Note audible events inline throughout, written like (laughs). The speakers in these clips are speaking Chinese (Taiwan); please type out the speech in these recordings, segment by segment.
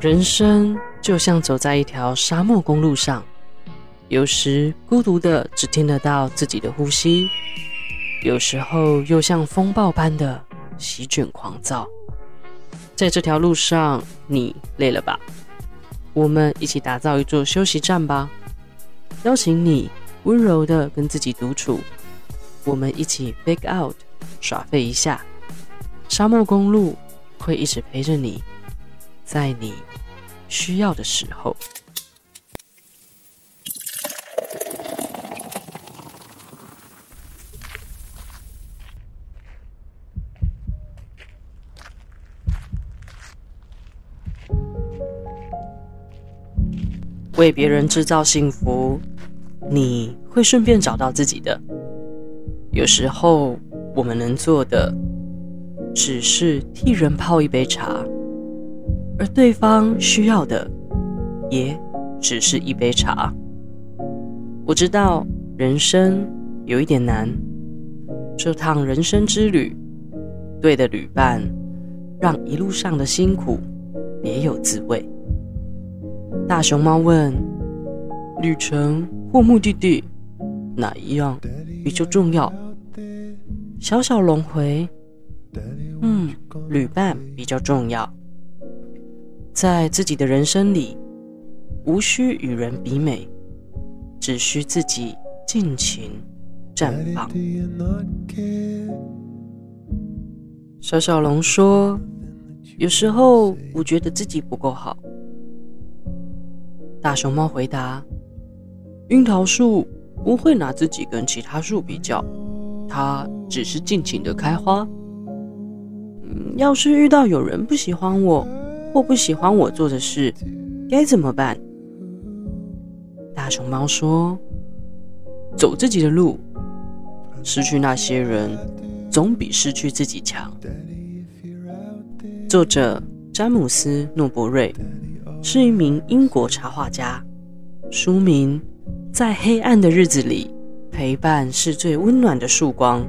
人生就像走在一條沙漠公路上，有時孤獨的只聽得到自己的呼吸，有時候又像風暴般的席捲狂躁。在這條路上，你累了吧？我們一起打造一座休息站吧，邀請你溫柔的跟自己獨處，我們一起 bake out，耍廢一下。沙漠公路會一直陪着你。在你需要的時候，為別人製造幸福，你會順便找到自己的。有時候，我們能做的，只是替人泡一杯茶。而對方需要的，也只是一杯茶。我知道人生有一點難，這趟人生之旅，對的旅伴，讓一路上的辛苦別有滋味。大熊貓問：旅程或目的地，哪一樣比較重要？小小龍回，嗯，旅伴比較重要。在自己的人生裡，無需與人比美，只需自己盡情綻放。小小龍說：“有時候我覺得自己不夠好。”大熊貓回答：“櫻桃樹不會拿自己跟其他樹比較，它只是盡情的開花。嗯。要是遇到有人不喜歡我。”或不喜歡我做的事，該怎麼辦？大熊貓說：“走自己的路，失去那些人，總比失去自己強。”作者詹姆斯·諾柏瑞是一名英國插畫家。書名：在黑暗的日子裡，陪伴是最溫暖的曙光。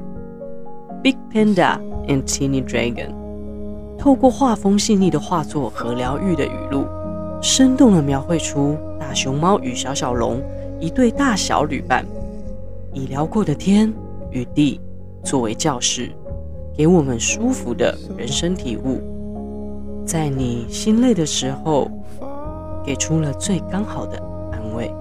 Big Panda and Tiny Dragon。透過畫風細膩的畫作和療癒的語錄，生動的描繪出大熊貓與小小龍一對大小旅伴，以遼闊的天與地作為教室，給我們舒服的人生體悟。在你心累的時候，給出了最剛好的安慰。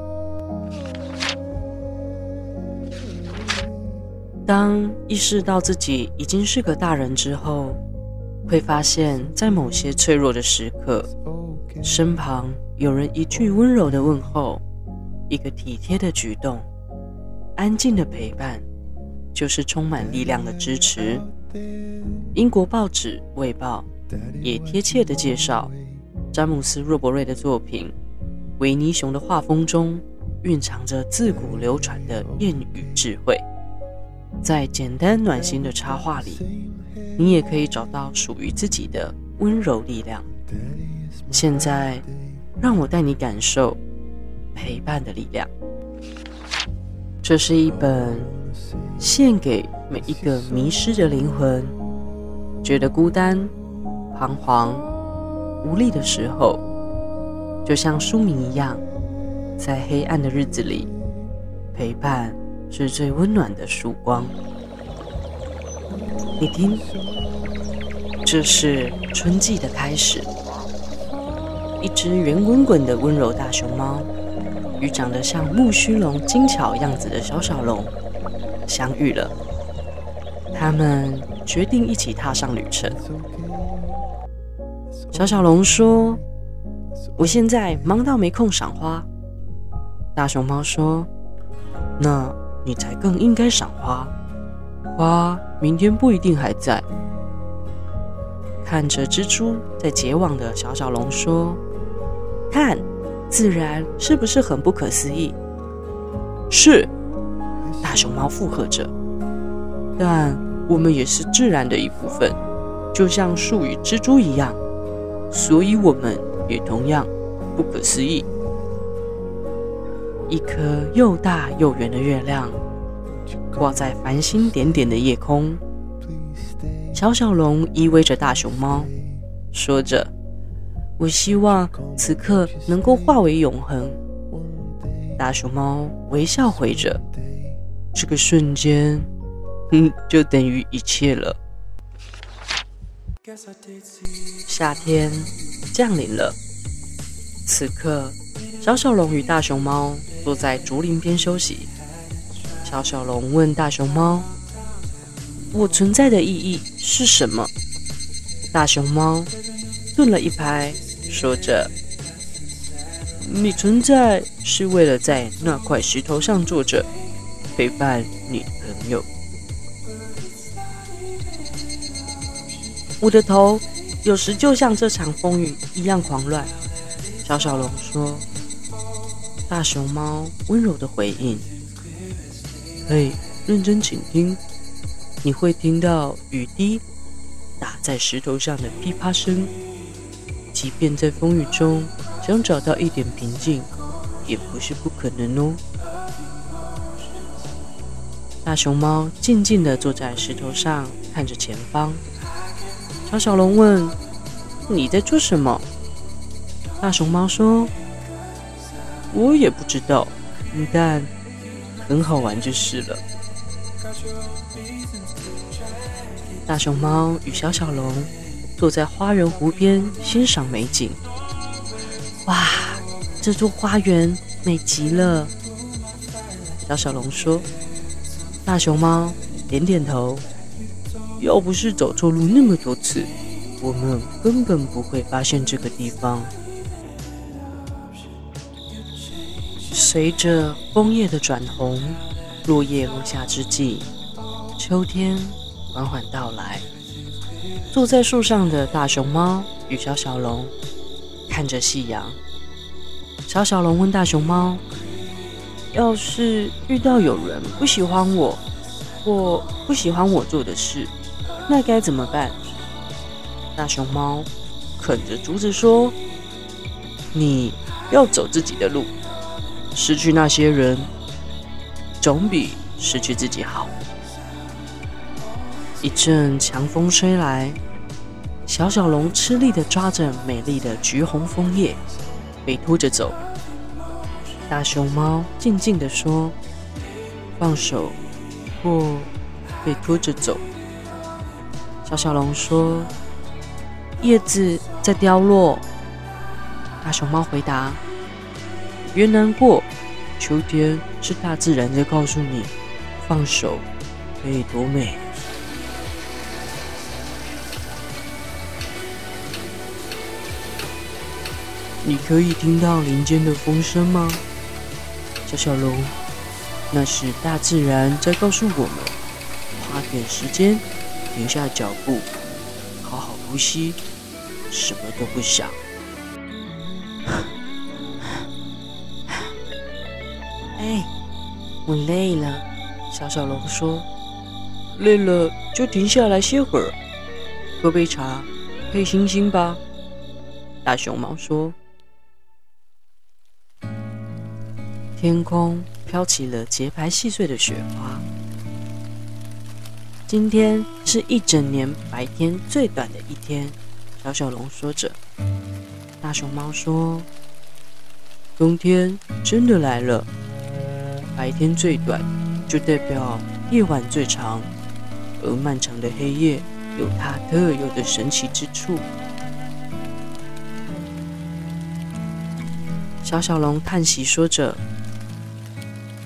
當意識到自己已經是個大人之後。會發現，在某些脆弱的時刻，身旁有人一句溫柔的問候，一個體貼的舉動，安靜的陪伴，就是充滿力量的支持。英國報紙《衛報》也貼切的介紹，詹姆斯·諾柏瑞的作品《維尼熊》的畫風中蘊藏着自古流傳的諺語智慧，在簡單暖心的插畫裡。你也可以找到屬於自己的溫柔力量。現在，讓我帶你感受陪伴的力量。這是一本獻給每一個迷失的靈魂，覺得孤單、彷徨、無力的時候，就像書名一樣，在黑暗的日子裡，陪伴是最溫暖的曙光。你聽，這是春季的開始。一隻圓滾滾的溫柔大熊貓，與長得像木須龍、精巧樣子的小小龍相遇了。他們決定一起踏上旅程。小小龍說：“我現在忙到沒空賞花。”大熊貓說：“那你才更應該賞花，花。”明天不一定還在。看着蜘蛛在結網的小小龍說：“看，自然是不是很不可思議？”是，大熊貓附和着。但我們也是自然的一部分，就像樹與蜘蛛一樣，所以我們也同樣不可思議。一顆又大又圓的月亮。掛在繁星點點的夜空，小小龍依偎着大熊貓，說着：“我希望此刻能夠化為永恆。”大熊貓微笑回着：“這個瞬間，嗯，就等於一切了。”夏天降臨了，此刻小小龍與大熊貓坐在竹林邊休息。小小龍問大熊貓：“我存在的意義是什麼？”大熊貓頓了一拍，說着：“你存在是為了在那塊石頭上坐着，陪伴你的朋友。我的頭有時就像這場風雨一樣狂亂。”小小龍說。大熊貓溫柔的回應。嘿、欸，認真請聽，你會聽到雨滴打在石頭上的噼啪聲。即便在風雨中，想找到一點平靜也不是不可能哦。大熊貓靜靜地坐在石頭上，看着前方。小小龍問：“你在做什麼？”大熊貓說：“我也不知道，但……”很好玩就是了。大熊貓與小小龍坐在花園湖邊欣賞美景。哇，這座花園美極了！小小龍說。大熊貓點點頭。要不是走錯路那麼多次，我們根本不會發現這個地方。隨着楓葉的轉紅，落葉落下之際，秋天緩緩到來。坐在樹上的大熊貓與小小龍看着夕陽。小小龍問大熊貓：“要是遇到有人不喜歡我，或不喜歡我做的事，那該怎麼辦？”大熊貓啃着竹子說：“你要走自己的路。”失去那些人，總比失去自己好。一陣強風吹來，小小龍吃力地抓着美麗的橘紅楓葉，被拖着走。大熊貓靜靜地說：“放手，或被拖着走。”小小龍說：“葉子在凋落。”大熊貓回答。別難過，秋天是大自然在告訴你，放手可以多美。你可以聽到林間的風聲嗎？小小龍，那是大自然在告訴我們，花點時間，停下腳步，好好呼吸，什麼都不想。累了，小小龍說：“累了就停下來歇會兒，喝杯茶，配星星吧。”大熊貓說：“天空飄起了潔白細碎的雪花。今天是一整年白天最短的一天。”小小龍說着，大熊貓說：“冬天真的來了。”白天最短，就代表夜晚最長，而漫長的黑夜有它特有的神奇之處。小小龍嘆息說着：“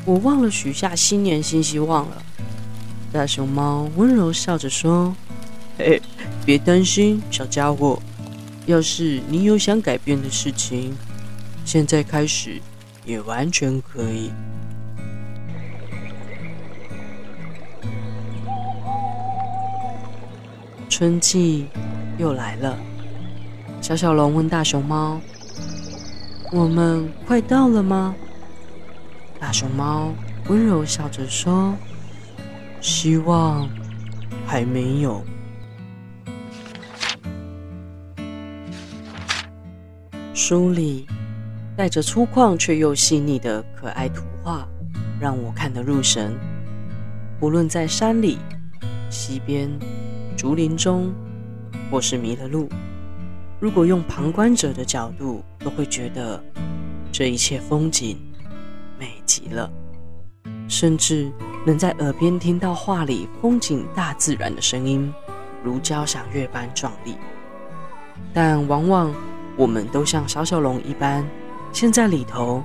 我忘了許下新年新希望了。”大熊貓溫柔笑着說：“嘿，別擔心，小傢伙。要是你有想改變的事情，現在開始也完全可以。”春季又來了。小小龍問大熊貓：“我們快到了嗎？”大熊貓溫柔笑着說：“希望還沒有。”書裡帶着粗獷卻又細膩的可愛圖畫，讓我看得入神。無論在山裡、溪邊。竹林中，或是迷了路，如果用旁觀者的角度，都會覺得這一切風景美極了，甚至能在耳邊聽到畫裡風景、大自然的聲音，如交響樂般壯麗。但往往我們都像小小龍一般，陷在裡頭，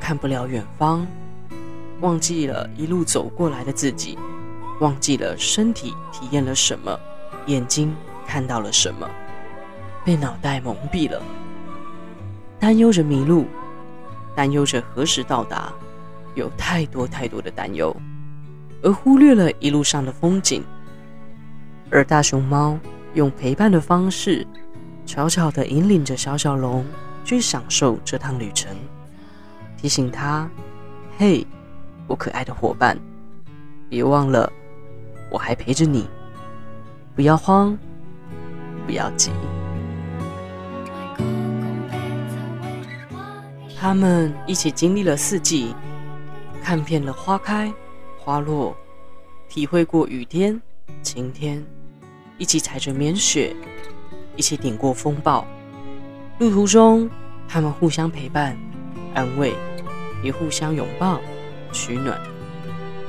看不了遠方，忘記了一路走過來的自己。忘記了身體體驗了什麼，眼睛看到了什麼，被腦袋蒙蔽了，擔憂着迷路，擔憂着何時到達，有太多太多的擔憂，而忽略了一路上的風景。而大熊貓用陪伴的方式，悄悄的引領着小小龍去享受這趟旅程，提醒他：“嘿，hey，我可愛的伙伴，別忘了。”我還陪着你，不要慌，不要急。他們一起經歷了四季，看遍了花開花落，體會過雨天晴天，一起踩着棉雪，一起頂過風暴。路途中，他們互相陪伴安慰，也互相擁抱取暖，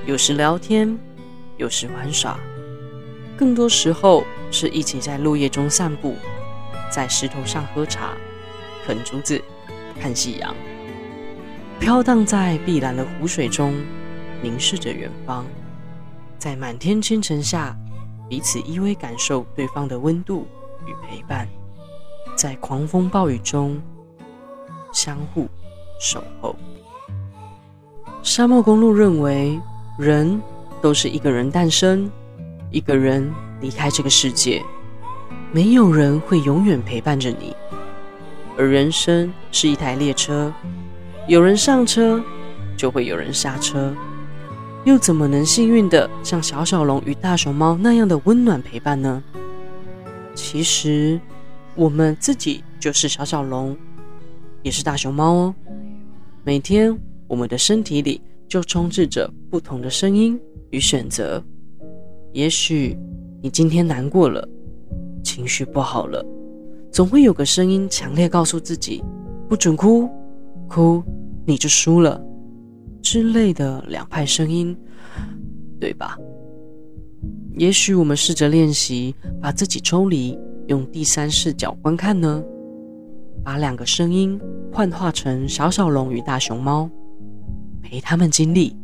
有時聊天。有時玩耍，更多時候是一起在落葉中散步，在石頭上喝茶、啃竹子、看夕陽，飄蕩在碧藍的湖水中，凝視着遠方，在滿天星辰下彼此依偎，感受對方的溫度與陪伴，在狂風暴雨中相互守候。沙漠公路認為人，都是一個人誕生，一個人離開這個世界，沒有人會永遠陪伴着你。而人生是一台列車，有人上車，就會有人下車，又怎麼能幸運的像小小龍與大熊貓那樣的溫暖陪伴呢？其實，我們自己就是小小龍，也是大熊貓哦。每天，我們的身體裡就充斥着不同的聲音。與選擇，也許你今天難過了，情緒不好了，總會有個聲音強烈告訴自己，不准哭，哭你就輸了之類的兩派聲音，對吧？也許我們試着練習，把自己抽離，用第三視角觀看呢，把兩個聲音幻化成小小龍與大熊貓，陪他們經歷。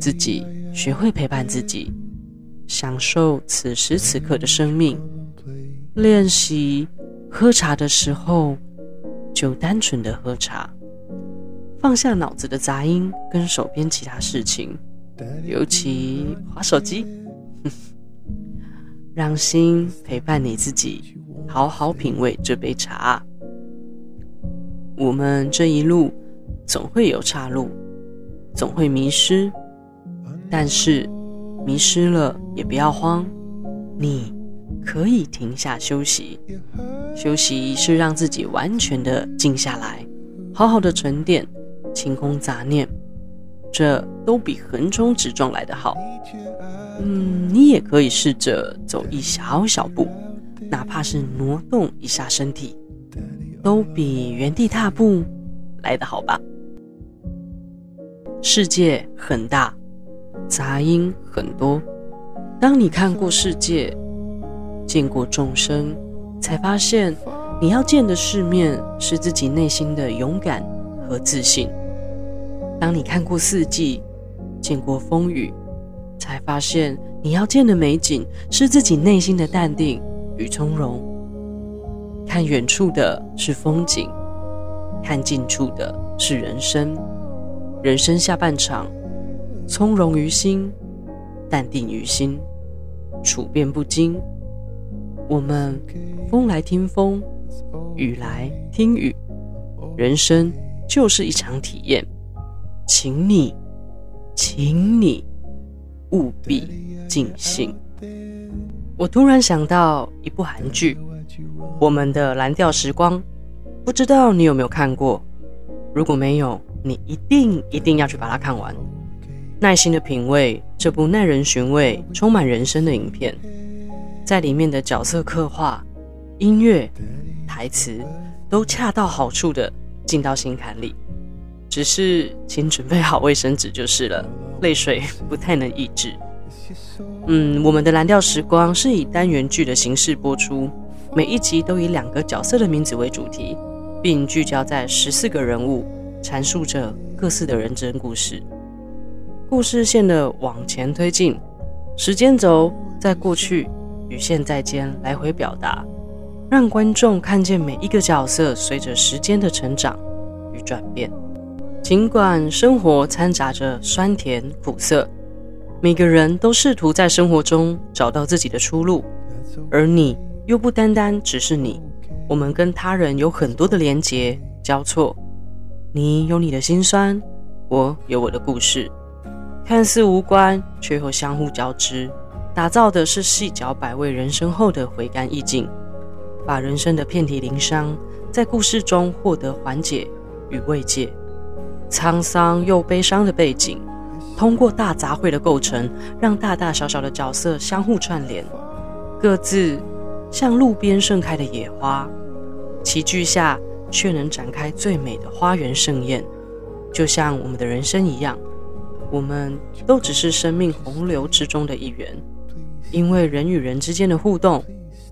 自己學會陪伴自己，享受此時此刻的生命。練習喝茶的時候，就單純的喝茶，放下腦子的雜音跟手邊其他事情，尤其滑手機， (laughs) 讓心陪伴你自己，好好品味這杯茶。我們這一路總會有岔路，總會迷失。但是，迷失了也不要慌，你可以停下休息。休息是讓自己完全的靜下來，好好的沉澱，清空雜念。這都比橫衝直撞來得好。嗯，你也可以試着走一小小步，哪怕是挪動一下身體，都比原地踏步來得好吧？世界很大。雜音很多。當你看過世界，見過眾生，才發現你要見的世面是自己內心的勇敢和自信。當你看過四季，見過風雨，才發現你要見的美景是自己內心的淡定與從容。看遠處的是風景，看近處的是人生。人生下半場。從容於心，淡定於心，處變不驚。我們風來聽風，雨來聽雨。人生就是一場體驗，請你，請你務必盡興。我突然想到一部韓劇，《我們的藍調時光》，不知道你有沒有看過？如果沒有，你一定一定要去把它看完。耐心的品味這部耐人尋味、充滿人生的影片，在裡面的角色刻畫、音樂、台詞都恰到好處的進到心坎裡。只是請準備好衛生紙就是了，淚水不太能抑制。嗯，我們的藍調時光是以單元劇的形式播出，每一集都以兩個角色的名字為主題，並聚焦在十四個人物，闡述着各自的人生故事。故事線的往前推進，時間軸在過去與現在間來回表達，讓觀眾看見每一個角色隨着時間的成長與轉變。儘管生活摻雜着酸甜苦澀，每個人都試圖在生活中找到自己的出路，而你又不單單只是你，我們跟他人有很多的連結交錯。你有你的心酸，我有我的故事。看似無關，卻又相互交織，打造的是細嚼百味人生後的回甘意境，把人生的遍體鱗傷在故事中獲得緩解與慰藉。滄桑又悲傷的背景，通過大雜燴的構成，讓大大小小的角色相互串聯，各自像路邊盛開的野花，齊聚下卻能展開最美的花園盛宴，就像我們的人生一樣。我們都只是生命洪流之中的一員，因為人與人之間的互動，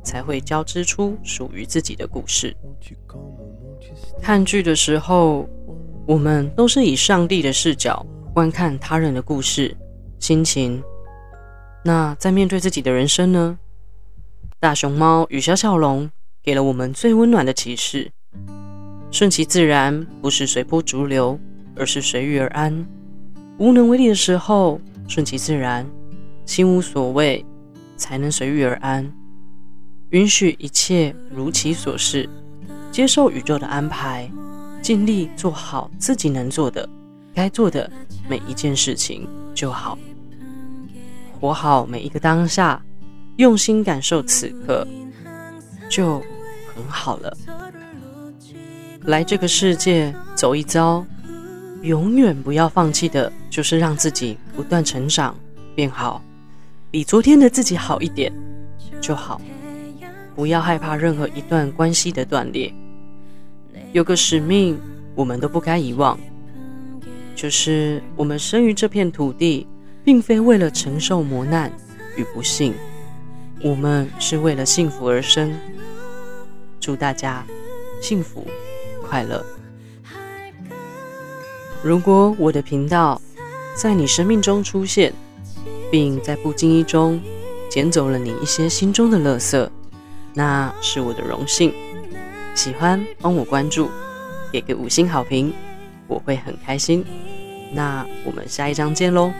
才會交織出屬於自己的故事。看劇的時候，我們都是以上帝的視角觀看他人的故事、心情。那在面對自己的人生呢？大熊貓與小小龍給了我們最溫暖的啟示：順其自然，不是隨波逐流，而是隨遇而安。無能為力的時候，順其自然，心無所謂，才能隨遇而安。允許一切如其所是，接受宇宙的安排，盡力做好自己能做的、該做的每一件事情就好。活好每一個當下，用心感受此刻，就很好了。來這個世界走一遭。永遠不要放棄的，就是讓自己不斷成長變好，比昨天的自己好一點就好。不要害怕任何一段關係的斷裂。有個使命，我們都不該遺忘，就是我們生於這片土地，並非為了承受磨難與不幸，我們是為了幸福而生。祝大家幸福快樂。如果我的頻道在你生命中出現，並在不經意中撿走了你一些心中的垃圾，那是我的榮幸。喜歡幫我關注，給個五星好評，我會很開心。那我們下一章見嘍。